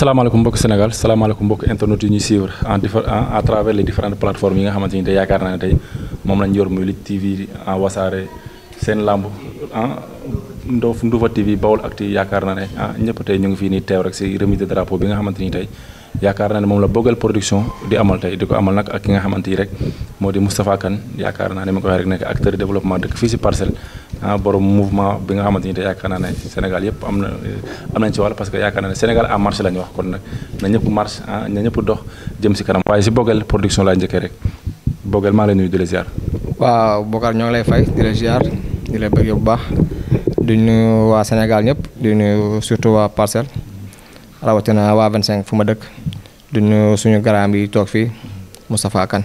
salaamaaleykum mbokk Sénégal salaamaaleykum mbokk internet yi ñuy suivre en diffé à travers les différentes plateformes yi nga xamante ni tey yaakaar naa ne moom ah, yaakaar naa ne ah ñëpp tey ngi fii nii teew rek si remise xamante ni tey yaakaar naa ne moom la Bogal production di amal tey di ko amal nag ak ki nga xamante ni rek moo di Moustapha Kane yaakaar naa ne ma ko waxee rek nekk développement dëkk fii si parcelle. ah borom mouvement bi nga xamante ni te yaakaar naa ne Sénégal yëpp am na eh, am nañ ci wàll parce que yaakaar naa ne Sénégal en marche la ñu wax kon nag na ñëpp marche ah na ñëpp dox jëm si kanam waaye si Boguel production laa njëkkee rek Boguel maa ngi lay nuyu di la ziar. waaw Bokar ñoo ngi lay fay di la ziar di la bëgg bu baax duñ nuyu waa Sénégal ñëpp di nuyu surtout waa Parcelles rawatina waa 25 fu ma dëkk di nuyu suñu garaam yi toog fii Moustapha Kane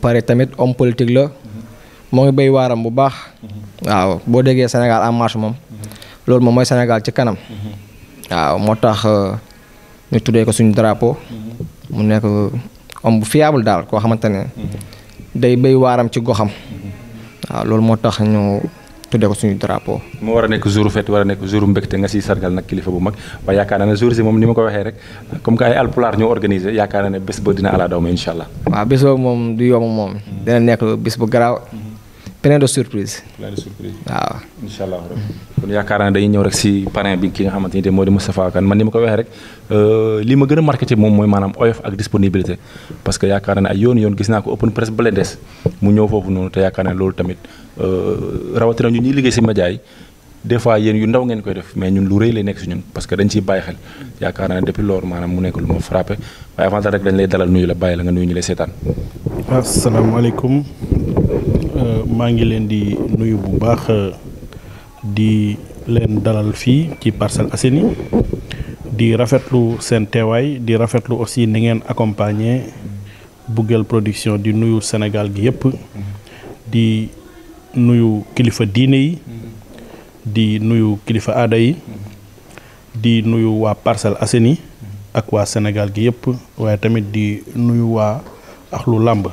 pare tamit om politique la moo ngi béy waaram bu baax waaw boo déggee Sénégal en marche moom loolu moom mooy Sénégal ci kanam waaw moo tax euh, ñu tuddee ko suñu drapeau mu nekk om bu fiable daal koo xamante ne day bay waaram ci goxam waaw loolu moo tax ñu tuddee ko suñu drapeau. mu war a nekk jour fête war a nekk jour mbégte nga siy sargal nag kilifa bu mag waaye yaakaar naa ne jour si moom ni ma ko waxee rek comme que ay alpulaar ñoo organisé yaakaar naa ne bés ba dina ala ma incha allah. waaw bés boobu moom du yomb moom. dina nekk bés bu garaaw. plein de surprise. plein de surprise waaw. incha allah kon yaakaar naa dañuy ñëw rek si parrain bi ki nga xamante ni moo di Moustapha Kane man ni ma ko waxee rek euh, li ma gën a marqué ci moom mooy maanaam oyof ak disponibilité parce que yaakaar naa ay yoon yoon gis naa ko open press ba des mu ñëw foofu noonu te yaakaar naa loolu tamit euh, rawatina ñun ñuy liggéey si média yi des fois yéen yu ndaw ngeen koy def mais ñun lu rëy lay nekk si ñun parce que dañ ciy bàyyi xel yaakaar naa ne depuis loolu maanaam mu nekk lu ma frappé waaye avant Euh, maa ngi leen di nuyu bu baax euh, di leen dalal fii ci Parcelles Assainies di rafetlu seen teewaay di rafetlu aussi ni ngeen accompagner Bougel Production di nuyu Sénégal gi yëpp di nuyu kilifa diine yi di nuyu kilifa aada yi di nuyu waa Parcelles Assainies ak waa Sénégal gi yëpp waaye tamit di nuyu waa lu làmb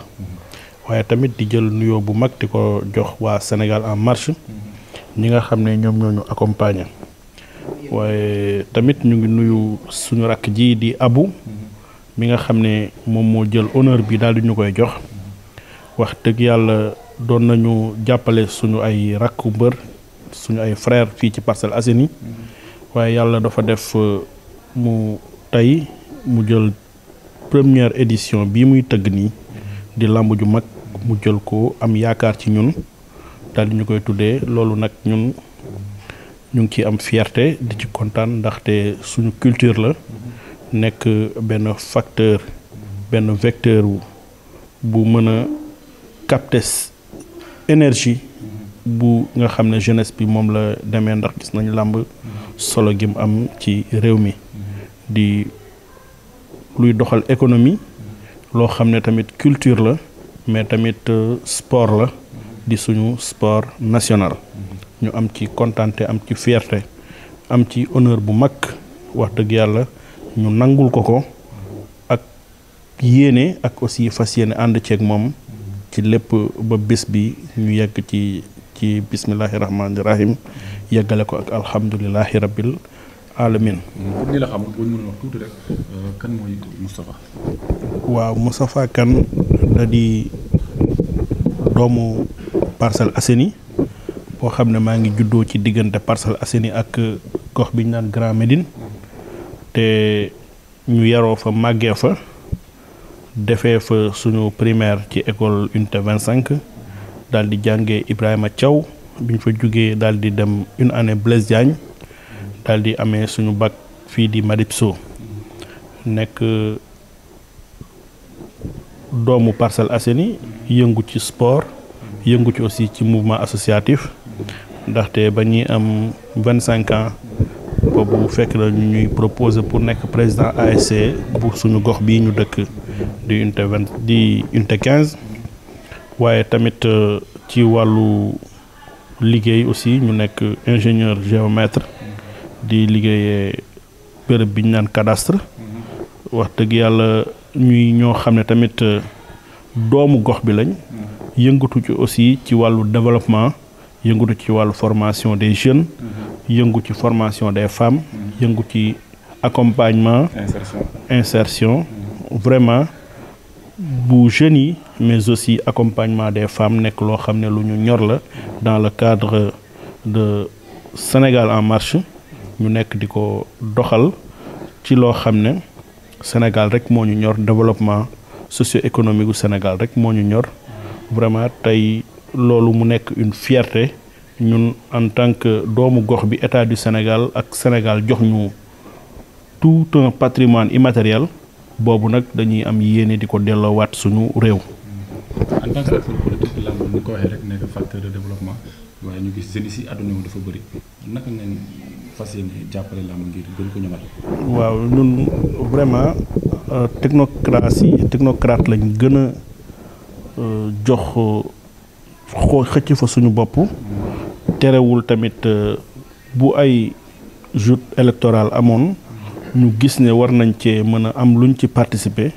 waaye tamit di jël nuyoo bu mag di ko jox waa Sénégal en marché ñi nga xam ne ñoom ñoo ñu waaye tamit ñu ngi nuyu suñu rakk ji di abu mi nga xam ne moom moo jël honneur bi daal di ñu koy jox wax dëgg yàlla doon nañu jàppale suñu ay rakk mbër suñu ay frère fii ci Parcelles Assainies waaye yàlla dafa def euh, mu tey mu jël première édition bii muy tëgg nii di làmb ju mag mu jël ko am yaakaar ci ñun daal di ñu koy tuddee loolu nag ñun ñu ngi ciy am fierté di ci kontaan ndaxte suñu culture la nekk benn facteur benn vecteur bu mën a capter énergie bu nga xam ne jeunesse bi moom la demee ndax gis nañu làmb solo gi am ci réew mi di luy doxal économie loo xam ne tamit culture la mais tamit euh, sport la di suñu sport national ñu am ci kontante am ci fierté am ci honneur bu mag wax dëgg yàlla ñu nangul ko ko ak yéene ak aussi fas yéene ànd ceeg moom ci lépp ba bés bi ñu yegg ci ci bismillahi rahmaani rahim yeggale ko ak alhamdulilahi rabbil alamin pour ñi euh, la di doomu parcelle Assainies boo xam ne maa ngi juddoo ci diggante Parcelles Assainies ak gox bi ñu naan Grand Médine te ñu yaroo fa màggee fa defee fa suñu primaire ci école unité cinq daal di jàngee Ibrahima Thiaw bi ñu fa jugee daal di dem une année Blaise Diagne. daal di amee suñu bac fii di Madipso nekk doomu parcelle Assainies yëngu ci sport yëngu ci aussi ci mouvement associatif ndaxte ba ñuy am vingt cinq ans bu fekk na ñu ñuy proposer pour nekk président ASC bu suñu gox bii ñu dëkk di unité vingt di unité quinze waaye tamit euh, ci wàllu liggéey aussi ñu nekk ingénieur géomètre di liggéeyee bërëb bi ñu naan cadastre mm-hmm. wax dëgg yàlla ñuy ñoo xam ne tamit euh, doomu gox bi lañ mm-hmm. yëngatu ci aussi ci wàllu développement yëngatu ci wàllu formation des jeunes mm-hmm. yëngu ci formation des femmes yëngu ci accompagnement insertion vraiment bu jeunes yi mais aussi accompagnement des femmes nekk loo xam ne lu ñu ñor la dans le cadre de Sénégal en marché ñu nekk di ko doxal ci loo xam ne Sénégal rek moo ñu ñor développement socio-économique gu Sénégal rek moo ñu ñor vraiment tey loolu mu nekk une fierté ñun en tant que doomu gox bi état du Sénégal ak Sénégal jox ñu tout un patrimoine immatériel boobu nag dañuy am yéene di ko delloowaat suñu réew. en tant ko waxee rek nekk développement waaye ñu gis jeunes yi si àdduna dafa fas yéene jàppale làmb ngir gën ko ñëwaat. waaw ñun vraiment euh, technocratie technocrate lañ gën a euh, jox xoo xëcc fa suñu bopp. terewul tamit euh, bu ay joute électorale amoon ñu gis ne war nañ cee mën a am luñ ci participer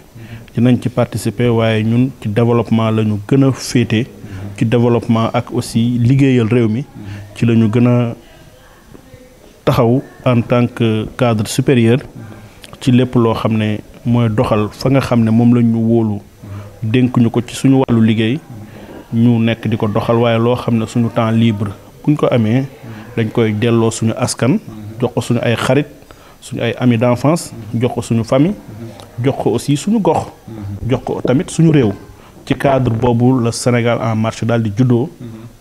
dinañ ci participer waaye ñun ci développement la ñu gën a féete ci développement ak aussi liggéeyal réew mi ci la ñu taxaw en tant que cadre supérieur ci lépp loo xam ne mooy doxal fa nga xam ne moom la ñu wóolu dénk ko ci suñu wàllu liggéey ñu nekk di ko doxal waaye loo xam ne suñu temps libre buñ ko amee dañ koy delloo suñu askan jox ko suñu ay xarit suñu ay amis d'enfance jox ko suñu famille jox ko aussi suñu gox jox ko tamit suñu réew ci cadre boobu la Sénégal en marché daal di juddoo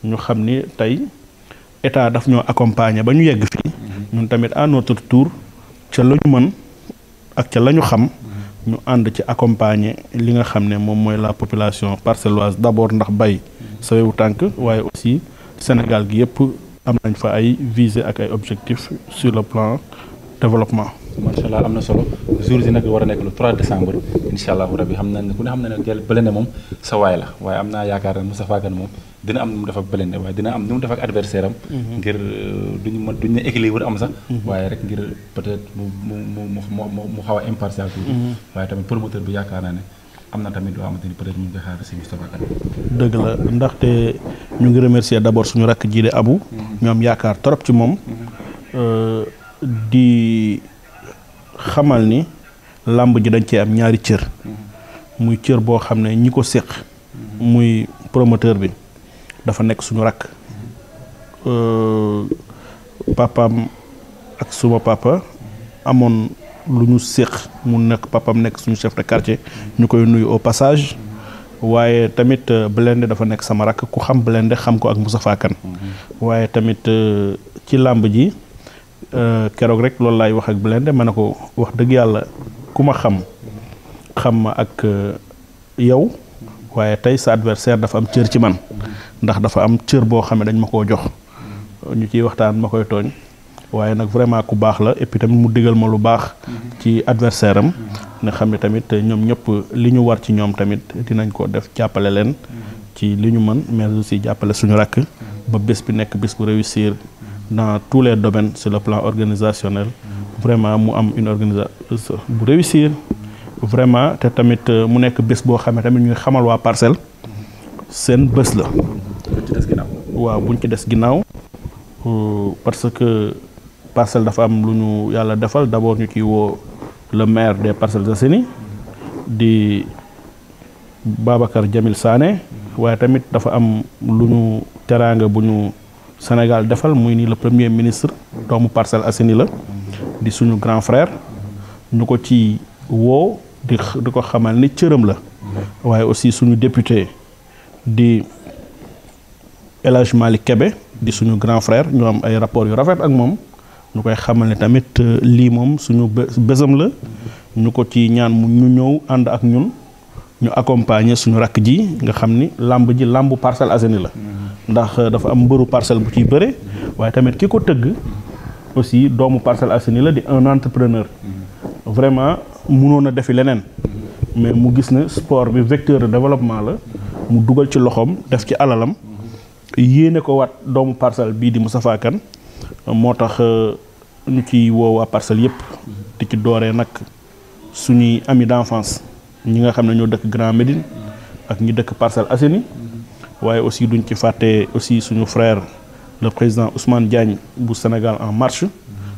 ñu xam ni tey état daf ñoo accompagner ba ñu yegg fii ñun tamit à notre tour ca la ñu mën ak ca la ñu xam ñu ànd ci accompagner li nga xam ne moom mooy la population parcelloise d'abord ndax bay sawewu tànk waaye aussi Sénégal gi yëpp am nañ fa ay visée ak ay objectifs sur le plan développement. macha allah am na solo jour yi nag war a nekk le 3 décembre incha allahu rabi xam na ne ku ne xam na ne jël Belende moom sa waay la waaye am naa yaakaar ne Moustapha Kane moom dina am nu mu def ak dina am mu a impartial tuuti. Mhm. ngi xaar si Moustapha Kane. dëgg la ndaxte ñu ngi remercier d'abord suñu rakk ji Abu. Mhm. ñu yaakaar trop ci moom. Mhm. Euh, di xamal ni làmb ji dañ cee am ñaari cër muy cër boo xam ne ñi ko séq muy promoteur bi dafa nekk suñu rakk euh, papaam ak suma papa amoon lu ñu séq mu nekk papaam nekk suñu chef de quartier ñu koy nuyu au passage waaye tamit euh, Blindé dafa nekk sama rakk ku xam Blindé xam ko ak Moustapha Kane waaye tamit euh, ci làmb ji Euh, keroog rek loolu laay wax ak Blindé ma ne ko wax dëgg yàlla ku ma xam xam ma ak euh, yow waaye tey sa adversaire dafa am cër ci man ndax dafa am cër boo xam ne dañ ma ko jox ñu ci waxtaan ma koy tooñ waaye nag vraiment ku baax la et puis tamit mu digal ma lu baax ci adversaire am ne xam ne tamit ñoom ñëpp li ñu war ci ñoom tamit dinañ ko def jàppale leen ci li ñu mën mais si jàppale suñu rakk ba bés bi nekk bés bu réussir dans tous les domaines sur le plan organisationnel vraiment mu am une organisation euh, bu réussir vraiment te tamit euh, mu nekk bés boo xam ne tamit ñuy xamal waa parcelle seen bés la waaw buñ ci des ginnaaw euh, parce que parcelle dafa am lu ñu yàlla defal d'abord ñu ciy woo le maire des Parcelles Assainies di Babacar Jamil Sané waaye tamit dafa am lu ñu teraanga bu ñu Sénégal defal muy ni le premier ministre doomu parcelle Assainies la di suñu grand frère ñu ko ci woo di di ko xamal ni cëram la waaye aussi suñu député di El Hadj kebe di suñu grand frère ñu am ay rapport yu rafet ak moom ñu koy xamal ne tamit euh, lii moom suñu bésam la ñu ko ci ñaan mu ñu ñëw ànd ak ñun ñu accompagner suñu rakk ji nga xam ni làmb ji làmb parcelle Assainies la mm-hmm. ndax euh, dafa am mbëru parcelle bu ciy bëre waaye tamit ki ko tëgg aussi doomu parcelle Assainies la di un entrepreneur mm-hmm. vraiment mënoon a defi leneen mm-hmm. mais mu gis ne sport bi vecteur de développement la mu dugal ci loxoom def ci alalam yéene ko wat doomu parcelle bii di Moustapha Kane moo tax euh, ñu ciy woowaa parcelle yëpp di ci dooree nag suñuy ami d'enfance ñi nga xam ne ñoo dëkk Grand Médine ak ñi dëkk parcelle Assainies waaye aussi duñ ci fàtte aussi suñu frère le président Ousmane Diagne bu Sénégal en marche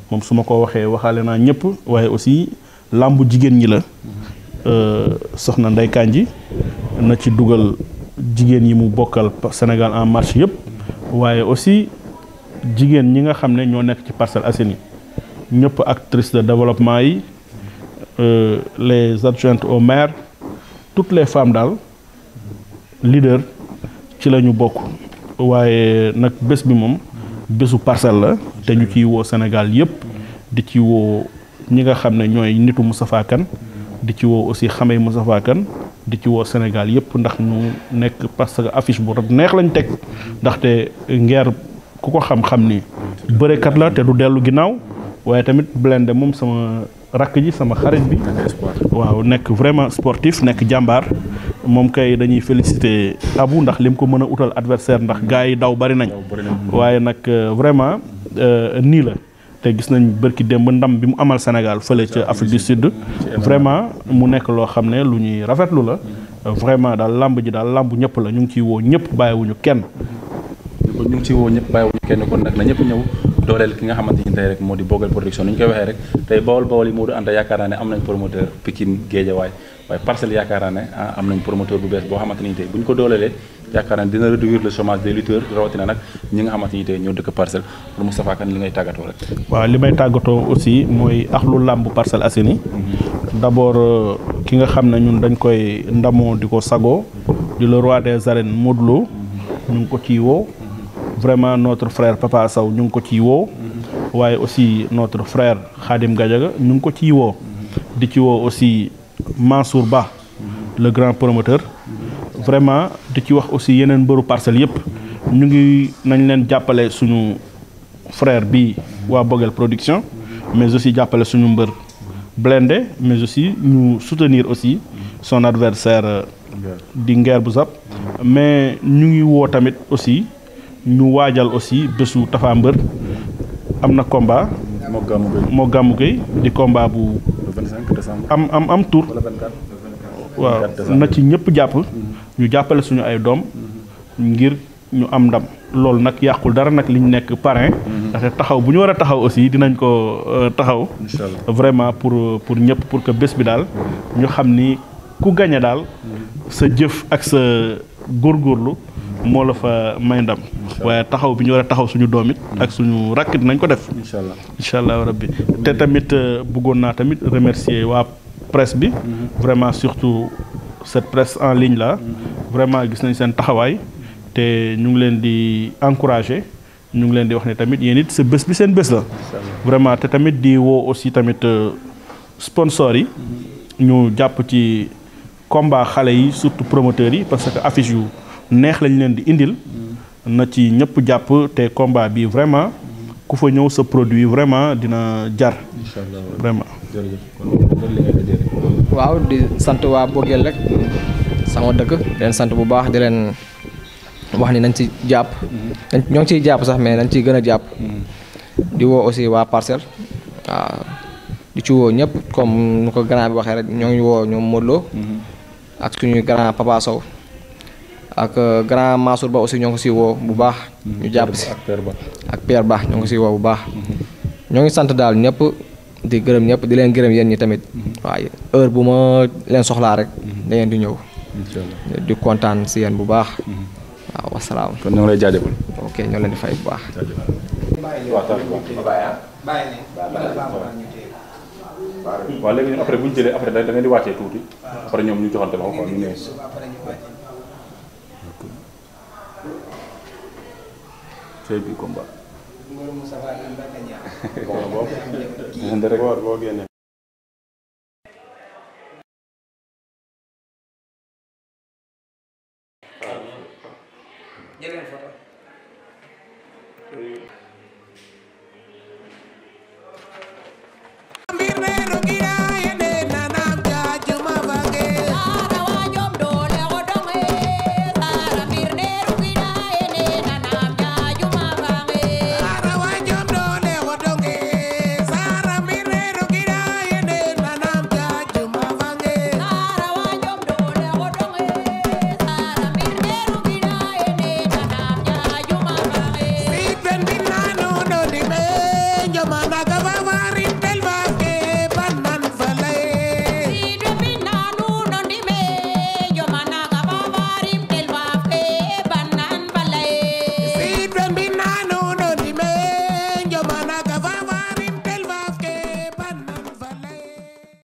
moom su ma ko waxee waxaale naa ñëpp waaye aussi làmbu jigéen ñi la euh, soxna Ndeye Kandji na ci dugal jigéen yi mu bokkal Sénégal en marche yëpp waaye aussi jigéen ñi nga xam ne ñoo nekk ci parcelle Assainies ñëpp actrice de développement yi Euh, les adjointes au maire tout les femmes daal leader ci la ñu bokk waaye nag bés bi moom bésu parcelle la te ñu ciy woo Sénégal yëpp di ci woo ñi nga xam ne ñooy nitu Moustapha Kane di ci woo aussi xamee Moustapha Kane di ci woo Sénégal yëpp ndax ñu nekk parce que affiche bu neex lañ teg ndaxte Nguer ku ko xam-xam ni bërekat la te du dellu ginnaaw waaye tamit Blindé moom sama rakk ji sama xarit bi waaw nekk vraiment sportif nekk jàmbaar moom kay dañuy féliciter Abou ndax lim ko mën a utal adversaire ndax gars yi daw bari nañ waaye nag euh, vraiment euh, nii la te gis nañ bërki démb ndam bi mu amal Sénégal fële ca Afrique du Sud vraiment mu nekk loo xam ne lu ñuy rafetlu la vraiment daal làmb ji daal làmb ñëpp la ñu ngi ciy woo ñëpp bàyyiwuñu kenn ñu ngi ciy woo ñëpp bàyyiwuñu kenn kon nag na ñëpp ñëw dooleel ki nga xamante ni tey rek moo di Bogal production ni ñu koy waxee rek tey Bawol Bawol yi moo du ànta a naa ne am nañ promoteur Pikine Géejawaay waaye Parcelles yaakaar naa ne ah, am nañ promoteur bu bees boo xamante ni tey ko dooleelee yaakaar naa ne dina le chômage des lutteurs rawatina nag ñi nga xamante ni ñoo dëkk Parcelles pour Moustapha Kane li ngay tàggatoo rek waaw li may tàggatoo aussi mooy axlu làmb Parcelles Assainies mm-hmm. d'abord euh, ki nga xam ne ñun dañ koy ndamoo di ko sagoo di le roi des arènes Modou mm-hmm. ñu ngi ko ci woo vraiment notre frère Papa Sow ñu ngi ko ciy woo. waaye aussi notre frère Khadim Gadiaga ñu ngi ko ciy woo. di ci woo aussi Mansour Ba. le grand promoteur. vraiment di ci wax aussi yeneen mbëru parcelles yëpp. ñu ngi nañ leen jàppale suñu frère bi waa Boguel production. mais aussi jàppale suñu mbër. blindé mais aussi ñu soutenir aussi son adversaire euh, di Nguer bu Zap mais ñu ngi woo tamit aussi. ñu waajal aussi bésu Tapha Mbeur am na combat. moo gàmmu gay moo gàmmu gay di combat bu. am am am tour waaw na ci ñëpp jàpp. Mm-hmm. ñu jàppale suñu ay doom. ngir ñu am ndam. loolu nag yàqul dara nag li ñu nekk parrain. Mm-hmm. ndaxte taxaw bu ñu war a taxaw aussi dinañ ko euh, taxaw. vraiment pour euh, pour ñëpp pour que bés bi daal. ñu xam ni ku gañe daal. Mm-hmm. sa jëf ak sa góorgóorlu. moo la fa may ndam waaye taxaw bi ñu war taxaw suñu doom it ak mm. suñu rakk nañ ko def incha allah incha allah rabbi te tamit euh, bëggoon naa tamit remercier waa presse bi mm-hmm. vraiment surtout cette presse en ligne là mm-hmm. vraiment gis nañ seen taxawaay te ñu ngi leen di encourager ñu ngi leen di wax ne tamit yéen it sa bés bi seen bés la vraiment te tamit di woo aussi tamit euh, sponsors yi mm-hmm. ñu jàpp ci combat xale yi surtout promoteurs yi parce que affiche yu neex lañ leen di indil na ci ñëpp jàpp te combat bi vraiment ku fa ñëw sa produit vraiment dina jar vraiment waaw di sant waa Boguel rek sama dëkk di leen sant bu baax di leen wax ni nañ ci jàpp mm-hmm. ñoo ciy jàpp sax mais nañ ciy gën a jàpp mm-hmm. di woo aussi waa parcelle waaw di ci woo ñëpp comme nu ko ganaar bi waxee rek ñoo ngi woo ñoo Modou Lo mm-hmm. ak suñuy grand Papa Sow ak euh, grand Mansour Ba aussi ñoo ngi ko si woo bu baax. Mhm. ñu jàpp si ak Père baax ñoo ngi ko si woo bu baax. Mhm. ñoo ngi sant daal ñëpp di gërëm ñëpp di leen gërëm yéen ñi tamit. Mhm. waaye heure bu ma leen soxlaa rek. da di ñëw. di kontaan si yéen bu baax. waaw wasalaam. kon ñoo lay jaajëfal. ok ñoo leen di fay bu baax. di wàccee tuuti. après ñu joxante c'est du combat. Moussa Fall boo génnee